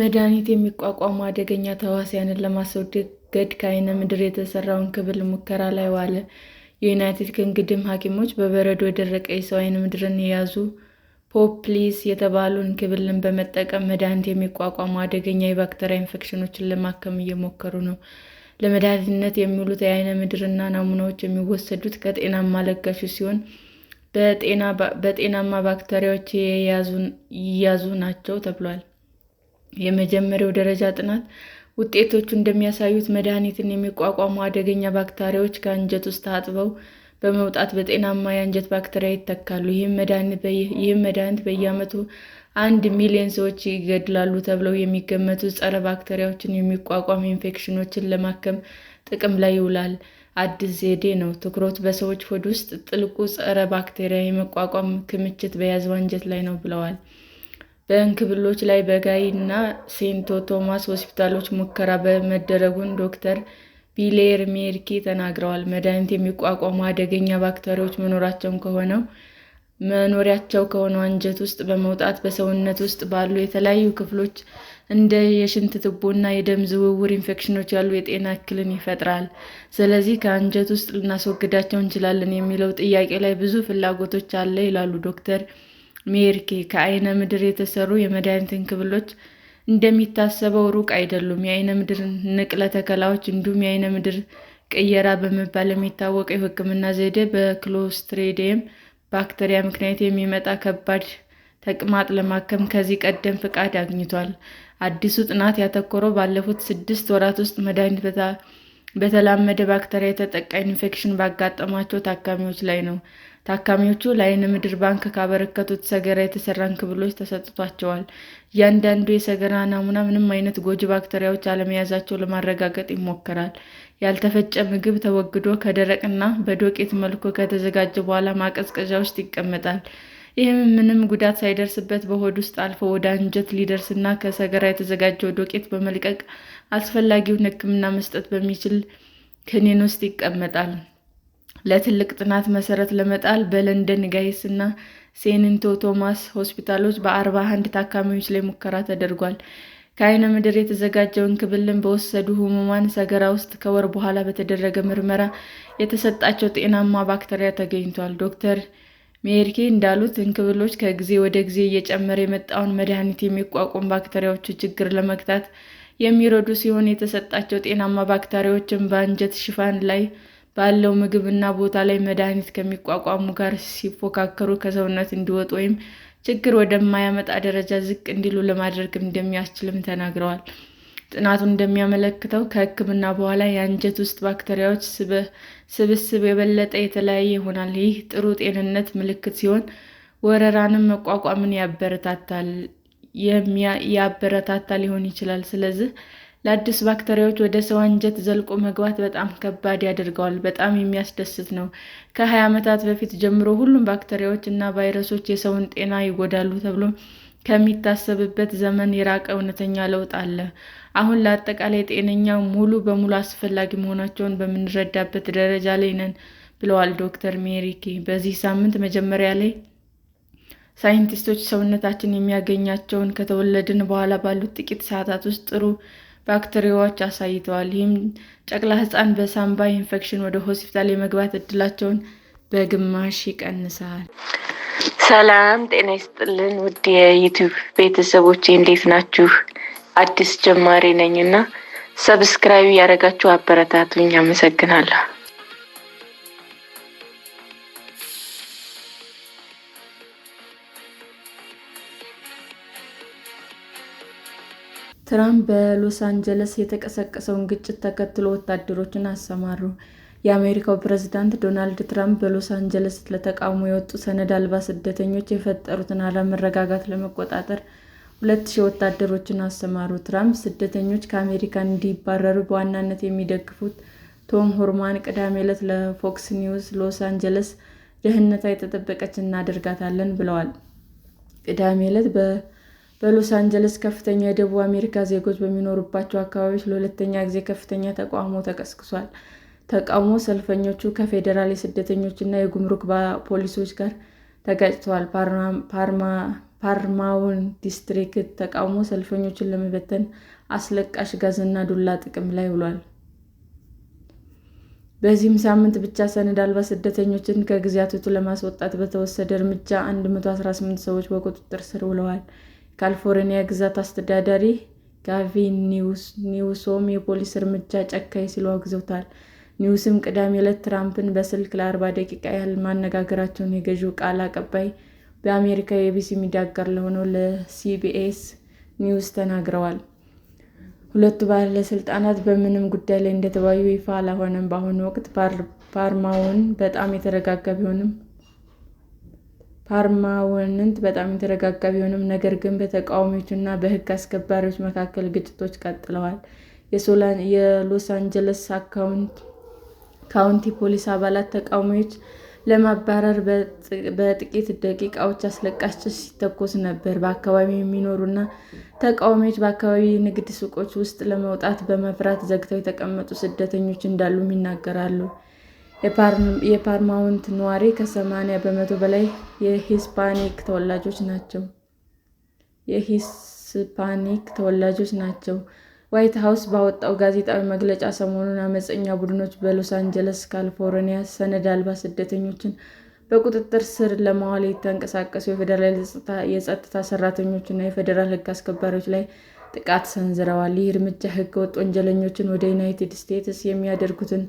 መድኃኒት የሚቋቋሙ አደገኛ ተህዋሲያንን ለማስወገድ ከዓይነ ምድር የተሰራውን ክብል ሙከራ ላይ ዋለ። የዩናይትድ ኪንግደም ሐኪሞች በበረዶ የደረቀ የሰው ዓይነ ምድርን የያዙ ፖፕሊስ የተባሉን ክብልን በመጠቀም መድኃኒት የሚቋቋሙ አደገኛ የባክተሪያ ኢንፌክሽኖችን ለማከም እየሞከሩ ነው። ለመድኃኒትነት የሚውሉት የዓይነ ምድርና ናሙናዎች የሚወሰዱት ከጤናማ ለጋሹ ሲሆን በጤናማ ባክተሪያዎች ይያዙ ናቸው ተብሏል። የመጀመሪያው ደረጃ ጥናት ውጤቶቹ እንደሚያሳዩት መድኃኒትን የሚቋቋሙ አደገኛ ባክቴሪያዎች ከአንጀት ውስጥ ታጥበው በመውጣት በጤናማ የአንጀት ባክቴሪያ ይተካሉ። ይህም መድኃኒት በየዓመቱ አንድ ሚሊዮን ሰዎች ይገድላሉ ተብለው የሚገመቱ ጸረ ባክቴሪያዎችን የሚቋቋም ኢንፌክሽኖችን ለማከም ጥቅም ላይ ይውላል። አዲስ ዘዴ ነው። ትኩረቱ በሰዎች ሆድ ውስጥ ጥልቁ ጸረ ባክቴሪያ የመቋቋም ክምችት በያዘው አንጀት ላይ ነው ብለዋል። በእንክብሎች ላይ በጋይ እና ሴንቶ ቶማስ ሆስፒታሎች ሙከራ መደረጉን ዶክተር ሜርኪ ተናግረዋል። መድኃኒት የሚቋቋሙ አደገኛ ባክቴሪያዎች መኖሪያቸው ከሆነው አንጀት ውስጥ በመውጣት በሰውነት ውስጥ ባሉ የተለያዩ ክፍሎች እንደ የሽንት ትቦ እና የደም ዝውውር ኢንፌክሽኖች ያሉ የጤና እክልን ይፈጥራል። ስለዚህ ከአንጀት ውስጥ ልናስወግዳቸው እንችላለን የሚለው ጥያቄ ላይ ብዙ ፍላጎቶች አለ ይላሉ ዶክተር ሜርኬ ከአይነ ምድር የተሰሩ የመድኃኒት እንክብሎች እንደሚታሰበው ሩቅ አይደሉም። የአይነ ምድር ንቅለ ተከላዎች እንዲሁም የአይነ ምድር ቅየራ በመባል የሚታወቀው የሕክምና ዘዴ በክሎስትሬዲየም ባክቴሪያ ምክንያት የሚመጣ ከባድ ተቅማጥ ለማከም ከዚህ ቀደም ፍቃድ አግኝቷል። አዲሱ ጥናት ያተኮረው ባለፉት ስድስት ወራት ውስጥ መድኃኒት በተላመደ ባክቴሪያ የተጠቃ ኢንፌክሽን ባጋጠማቸው ታካሚዎች ላይ ነው። ታካሚዎቹ ለዓይነ ምድር ባንክ ካበረከቱት ሰገራ የተሰራ እንክብሎች ተሰጥቷቸዋል። እያንዳንዱ የሰገራ ናሙና ምንም አይነት ጎጂ ባክተሪያዎች አለመያዛቸው ለማረጋገጥ ይሞከራል። ያልተፈጨ ምግብ ተወግዶ ከደረቅና በዶቄት መልኩ ከተዘጋጀ በኋላ ማቀዝቀዣ ውስጥ ይቀመጣል። ይህም ምንም ጉዳት ሳይደርስበት በሆድ ውስጥ አልፎ ወደ አንጀት ሊደርስና ከሰገራ የተዘጋጀው ዶቄት በመልቀቅ አስፈላጊውን ሕክምና መስጠት በሚችል ክኒን ውስጥ ይቀመጣል። ለትልቅ ጥናት መሰረት ለመጣል በለንደን ጋይስ እና ሴንቶ ቶማስ ሆስፒታሎች በአርባ አንድ ታካሚዎች ላይ ሙከራ ተደርጓል። ከአይነ ምድር የተዘጋጀውን ክብልን በወሰዱ ህሙማን ሰገራ ውስጥ ከወር በኋላ በተደረገ ምርመራ የተሰጣቸው ጤናማ ባክቴሪያ ተገኝቷል። ዶክተር ሜርኬ እንዳሉት እንክብሎች ከጊዜ ወደ ጊዜ እየጨመረ የመጣውን መድኃኒት የሚቋቋም ባክቴሪያዎቹ ችግር ለመግታት የሚረዱ ሲሆን የተሰጣቸው ጤናማ ባክቴሪያዎችን በአንጀት ሽፋን ላይ ባለው ምግብና ቦታ ላይ መድኃኒት ከሚቋቋሙ ጋር ሲፎካከሩ ከሰውነት እንዲወጡ ወይም ችግር ወደማያመጣ ደረጃ ዝቅ እንዲሉ ለማድረግ እንደሚያስችልም ተናግረዋል። ጥናቱ እንደሚያመለክተው ከሕክምና በኋላ የአንጀት ውስጥ ባክቴሪያዎች ስብስብ የበለጠ የተለያየ ይሆናል። ይህ ጥሩ ጤንነት ምልክት ሲሆን ወረራንም መቋቋምን ያበረታታ ሊሆን ይችላል። ስለዚህ ለአዲስ ባክቴሪያዎች ወደ ሰው አንጀት ዘልቆ መግባት በጣም ከባድ ያደርገዋል። በጣም የሚያስደስት ነው። ከ20 ዓመታት በፊት ጀምሮ ሁሉም ባክቴሪያዎች እና ቫይረሶች የሰውን ጤና ይጎዳሉ ተብሎ ከሚታሰብበት ዘመን የራቀ እውነተኛ ለውጥ አለ። አሁን ለአጠቃላይ ጤነኛ ሙሉ በሙሉ አስፈላጊ መሆናቸውን በምንረዳበት ደረጃ ላይ ነን ብለዋል ዶክተር ሜሪኬ። በዚህ ሳምንት መጀመሪያ ላይ ሳይንቲስቶች ሰውነታችን የሚያገኛቸውን ከተወለድን በኋላ ባሉት ጥቂት ሰዓታት ውስጥ ጥሩ ባክቴሪያዎች አሳይተዋል። ይህም ጨቅላ ህፃን በሳንባ ኢንፌክሽን ወደ ሆስፒታል የመግባት እድላቸውን በግማሽ ይቀንሳል። ሰላም ጤና ይስጥልን ውድ የዩቲዩብ ቤተሰቦች እንዴት ናችሁ? አዲስ ጀማሪ ነኝ እና ሰብስክራይብ ያደረጋችሁ አበረታቱኝ። አመሰግናለሁ። ትራምፕ በሎስ አንጀለስ የተቀሰቀሰውን ግጭት ተከትሎ ወታደሮችን አሰማሩ። የአሜሪካው ፕሬዝዳንት ዶናልድ ትራምፕ በሎስ አንጀለስ ለተቃውሞ የወጡ ሰነድ አልባ ስደተኞች የፈጠሩትን አለመረጋጋት ለመቆጣጠር ሁለት ሺህ ወታደሮችን አሰማሩ። ትራምፕ ስደተኞች ከአሜሪካ እንዲባረሩ በዋናነት የሚደግፉት ቶም ሆርማን ቅዳሜ ዕለት ለፎክስ ኒውስ ሎስ አንጀለስ ደህንነቷ የተጠበቀች እናደርጋታለን ብለዋል። ቅዳሜ ዕለት በሎስ አንጀለስ ከፍተኛ የደቡብ አሜሪካ ዜጎች በሚኖሩባቸው አካባቢዎች ለሁለተኛ ጊዜ ከፍተኛ ተቃውሞ ተቀስቅሷል። ተቃውሞ ሰልፈኞቹ ከፌዴራል የስደተኞች እና የጉምሩክ ፖሊሶች ጋር ተጋጭተዋል። ፓርማውን ዲስትሪክት ተቃውሞ ሰልፈኞችን ለመበተን አስለቃሽ ጋዝ እና ዱላ ጥቅም ላይ ውሏል። በዚህም ሳምንት ብቻ ሰነድ አልባ ስደተኞችን ከግዛቶቹ ለማስወጣት በተወሰደ እርምጃ 118 ሰዎች በቁጥጥር ስር ውለዋል። ካሊፎርኒያ ግዛት አስተዳዳሪ ጋቪን ኒውሶም የፖሊስ እርምጃ ጨካኝ ሲሉ አውግዘውታል። ኒውስም ቅዳሜ ዕለት ትራምፕን በስልክ ለ ደቂቃ ያህል ማነጋገራቸውን የገዢው ቃል አቀባይ በአሜሪካ የኤቢሲ ሚዲያ አጋር ለሆነው ለሲቢኤስ ኒውስ ተናግረዋል። ሁለቱ ባለስልጣናት በምንም ጉዳይ ላይ እንደተወያዩ ይፋ አልሆነም። በአሁኑ ወቅት ፓርማውን በጣም የተረጋጋ ቢሆንም ፓርላማውንት በጣም የተረጋጋ ቢሆንም ነገር ግን በተቃዋሚዎችና በሕግ አስከባሪዎች መካከል ግጭቶች ቀጥለዋል። የሎስ አንጀለስ ካውንቲ ፖሊስ አባላት ተቃዋሚዎች ለማባረር በጥቂት ደቂቃዎች አስለቃሽ ጭስ ሲተኮስ ነበር። በአካባቢው የሚኖሩና ተቃዋሚዎች በአካባቢ ንግድ ሱቆች ውስጥ ለመውጣት በመፍራት ዘግተው የተቀመጡ ስደተኞች እንዳሉም ይናገራሉ። የፓርማውንት ነዋሪ ከሰማንያ በመቶ በላይ የሂስፓኒክ ተወላጆች ናቸው የሂስፓኒክ ተወላጆች ናቸው። ዋይት ሀውስ ባወጣው ጋዜጣዊ መግለጫ ሰሞኑን አመፀኛ ቡድኖች በሎስ አንጀለስ፣ ካሊፎርኒያ ሰነድ አልባ ስደተኞችን በቁጥጥር ስር ለማዋል የተንቀሳቀሱ የፌዴራል የጸጥታ ሰራተኞችና የፌዴራል ሕግ አስከባሪዎች ላይ ጥቃት ሰንዝረዋል። ይህ እርምጃ ሕገ ወጥ ወንጀለኞችን ወደ ዩናይትድ ስቴትስ የሚያደርጉትን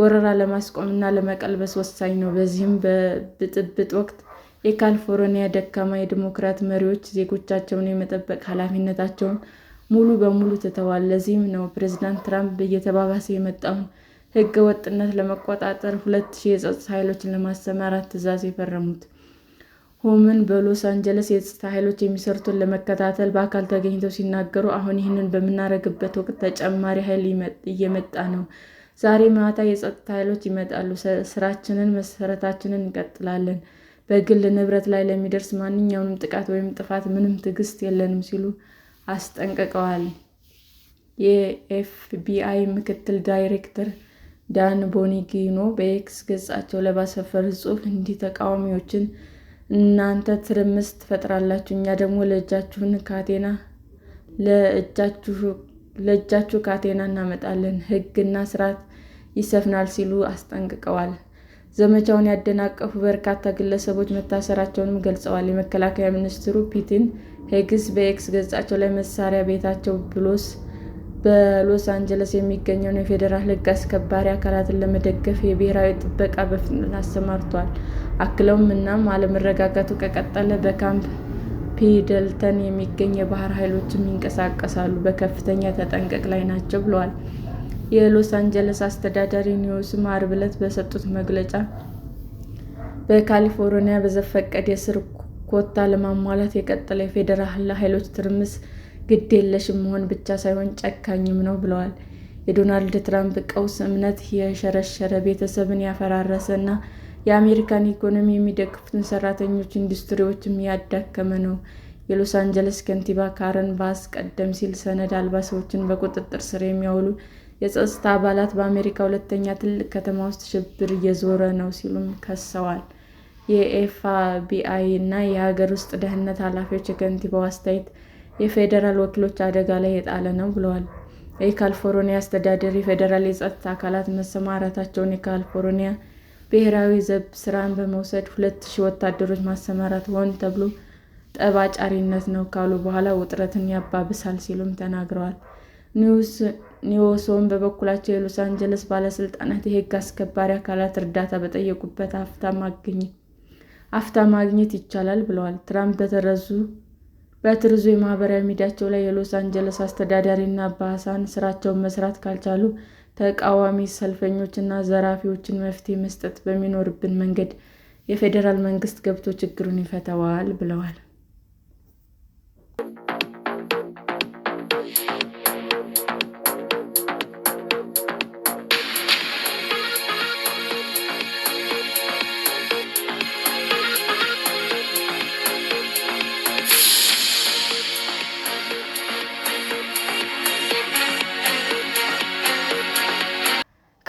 ወረራ ለማስቆምና ለመቀልበስ ወሳኝ ነው። በዚህም በብጥብጥ ወቅት የካሊፎርኒያ ደካማ የዲሞክራት መሪዎች ዜጎቻቸውን የመጠበቅ ኃላፊነታቸውን ሙሉ በሙሉ ትተዋል። ለዚህም ነው ፕሬዝዳንት ትራምፕ እየተባባሰ የመጣውን ሕገ ወጥነት ለመቆጣጠር ሁለት ሺህ የጸጥታ ኃይሎችን ለማሰማራት ትዕዛዝ የፈረሙት። ሆምን በሎስ አንጀለስ የጸጥታ ኃይሎች የሚሰሩትን ለመከታተል በአካል ተገኝተው ሲናገሩ፣ አሁን ይህንን በምናደርግበት ወቅት ተጨማሪ ኃይል እየመጣ ነው ዛሬ ማታ የጸጥታ ኃይሎች ይመጣሉ። ስራችንን መሰረታችንን እንቀጥላለን። በግል ንብረት ላይ ለሚደርስ ማንኛውንም ጥቃት ወይም ጥፋት ምንም ትዕግስት የለንም ሲሉ አስጠንቅቀዋል። የኤፍቢአይ ምክትል ዳይሬክተር ዳን ቦኒጊኖ በኤክስ ገጻቸው ለባሰፈሩት ጽሑፍ እንዲህ ተቃዋሚዎችን እናንተ ትርምስ ትፈጥራላችሁ፣ እኛ ደግሞ ለእጃችሁን ካቴና ለእጃችሁ ካቴና እናመጣለን። ሕግና ስርዓት ይሰፍናል ሲሉ አስጠንቅቀዋል። ዘመቻውን ያደናቀፉ በርካታ ግለሰቦች መታሰራቸውንም ገልጸዋል። የመከላከያ ሚኒስትሩ ፒትን ሄግስ በኤክስ ገጻቸው ላይ መሳሪያ ቤታቸው ብሎስ በሎስ አንጀለስ የሚገኘውን የፌዴራል ሕግ አስከባሪ አካላትን ለመደገፍ የብሔራዊ ጥበቃ በፍጥነት አሰማርቷል። አክለውም እናም አለመረጋጋቱ ከቀጠለ በካምፕ ፒደልተን የሚገኝ የባህር ኃይሎችም ይንቀሳቀሳሉ፣ በከፍተኛ ተጠንቀቅ ላይ ናቸው ብለዋል። የሎስ አንጀለስ አስተዳዳሪ ኒውስ ዓርብ ዕለት በሰጡት መግለጫ በካሊፎርኒያ በዘፈቀደ የስር ኮታ ለማሟላት የቀጠለ የፌዴራል ኃይሎች ትርምስ ግድ የለሽም መሆን ብቻ ሳይሆን ጨካኝም ነው ብለዋል። የዶናልድ ትራምፕ ቀውስ እምነት የሸረሸረ፣ ቤተሰብን ያፈራረሰ እና የአሜሪካን ኢኮኖሚ የሚደግፉትን ሰራተኞች፣ ኢንዱስትሪዎችም ያዳከመ ነው። የሎስ አንጀለስ ከንቲባ ካረን ባስ ቀደም ሲል ሰነድ አልባ ሰዎችን በቁጥጥር ስር የሚያውሉ የጸጥታ አባላት በአሜሪካ ሁለተኛ ትልቅ ከተማ ውስጥ ሽብር እየዞረ ነው ሲሉም ከሰዋል። የኤፍቢአይ እና የሀገር ውስጥ ደህንነት ኃላፊዎች የከንቲባው አስተያየት የፌዴራል ወኪሎች አደጋ ላይ የጣለ ነው ብለዋል። የካሊፎርኒያ አስተዳደር የፌዴራል የጸጥታ አካላት መሰማራታቸውን የካሊፎርኒያ ብሔራዊ ዘብ ስራን በመውሰድ ሁለት ሺህ ወታደሮች ማሰማራት ሆን ተብሎ ጠባጫሪነት ነው ካሉ በኋላ ውጥረትን ያባብሳል ሲሉም ተናግረዋል። ኒዮሶን በበኩላቸው የሎስ አንጀለስ ባለስልጣናት የሕግ አስከባሪ አካላት እርዳታ በጠየቁበት አፍታ ማግኘት ይቻላል ብለዋል። ትራምፕ በትርዙ የማህበራዊ ሚዲያቸው ላይ የሎስ አንጀለስ አስተዳዳሪ አባሳን ስራቸውን መስራት ካልቻሉ ተቃዋሚ ሰልፈኞችና ዘራፊዎችን መፍትሄ መስጠት በሚኖርብን መንገድ የፌዴራል መንግሥት ገብቶ ችግሩን ይፈተዋል ብለዋል።